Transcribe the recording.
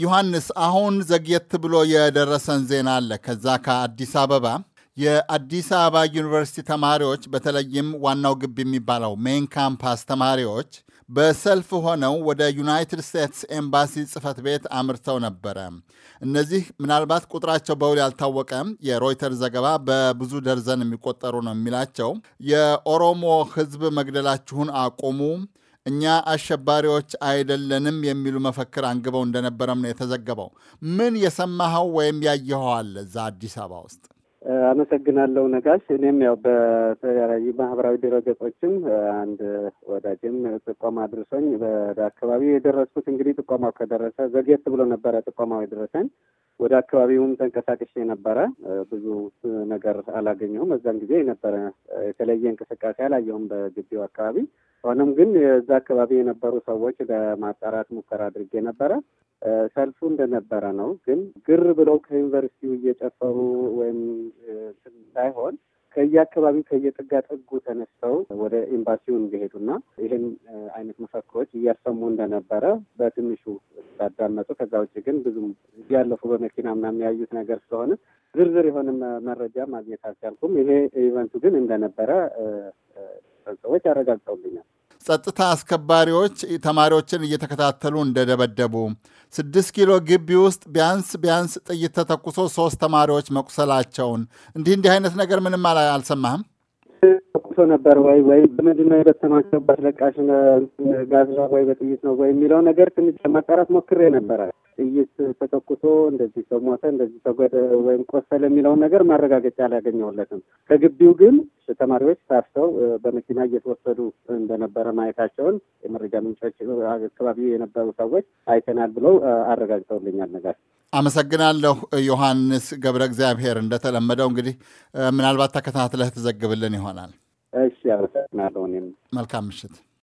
ዮሐንስ፣ አሁን ዘግየት ብሎ የደረሰን ዜና አለ ከዛ ከአዲስ አበባ የአዲስ አበባ ዩኒቨርሲቲ ተማሪዎች በተለይም ዋናው ግቢ የሚባለው ሜን ካምፓስ ተማሪዎች በሰልፍ ሆነው ወደ ዩናይትድ ስቴትስ ኤምባሲ ጽህፈት ቤት አምርተው ነበረ። እነዚህ ምናልባት ቁጥራቸው በውል ያልታወቀም፣ የሮይተር ዘገባ በብዙ ደርዘን የሚቆጠሩ ነው የሚላቸው የኦሮሞ ሕዝብ መግደላችሁን አቁሙ እኛ አሸባሪዎች አይደለንም የሚሉ መፈክር አንግበው እንደነበረም ነው የተዘገበው። ምን የሰማኸው ወይም ያየኸው አለ እዛ አዲስ አበባ ውስጥ? አመሰግናለሁ ነጋሽ። እኔም ያው በተለያዩ ማህበራዊ ድረገጾችም አንድ ወዳጅም ጥቆማ አድርሶኝ በአካባቢው የደረስኩት እንግዲህ ጥቆማው ከደረሰ ዘግየት ብሎ ነበረ ጥቆማው የደረሰኝ ወደ አካባቢውም ተንቀሳቅሼ ነበረ። ብዙ ነገር አላገኘሁም። እዛን ጊዜ የነበረ የተለየ እንቅስቃሴ አላየሁም በግቢው አካባቢ። ሆኖም ግን እዛ አካባቢ የነበሩ ሰዎች ለማጣራት ሙከራ አድርጌ ነበረ። ሰልፉ እንደነበረ ነው። ግን ግር ብለው ከዩኒቨርሲቲው እየጨፈሩ ወይም ሳይሆን ከየአካባቢው ከየጥጋ ጥጉ ተነስተው ወደ ኤምባሲው እንዲሄዱና ይህን አይነት መፈክሮች እያሰሙ እንደነበረ በትንሹ ሲያዳመጡ፣ ከዛ ውጭ ግን ብዙም ያለፉ በመኪና ምናምን የሚያዩት ነገር ስለሆነ ዝርዝር የሆነ መረጃ ማግኘት አልቻልኩም። ይሄ ኢቨንቱ ግን እንደነበረ ሰዎች ያረጋግጠውልኛል። ጸጥታ አስከባሪዎች ተማሪዎችን እየተከታተሉ እንደደበደቡ፣ ስድስት ኪሎ ግቢ ውስጥ ቢያንስ ቢያንስ ጥይት ተተኩሶ ሶስት ተማሪዎች መቁሰላቸውን እንዲህ እንዲህ አይነት ነገር ምንም አልሰማህም? ተኩሶ ነበር ወይ ወይ በምንድን ነው የበተኗቸው በአስለቃሽ ጋዝ ነው ወይ በጥይት ነው ወይ የሚለው ነገር ትንሽ ለማጣራት ሞክሬ ነበረ። ጥይት ተተኩሶ እንደዚህ ሰው ሞተ፣ እንደዚህ ሰው ገደ ወይም ቆሰለ የሚለውን ነገር ማረጋገጫ አላገኘሁለትም። ከግቢው ግን ተማሪዎች ታፍሰው በመኪና እየተወሰዱ እንደነበረ ማየታቸውን የመረጃ ምንጮች አካባቢ የነበሩ ሰዎች አይተናል ብለው አረጋግጠውልኛል። ነገር አመሰግናለሁ። ዮሐንስ ገብረ እግዚአብሔር እንደተለመደው እንግዲህ ምናልባት ተከታትለህ ትዘግብልን ይሆናል። ያመሰግናለሁ። እኔም መልካም ምሽት።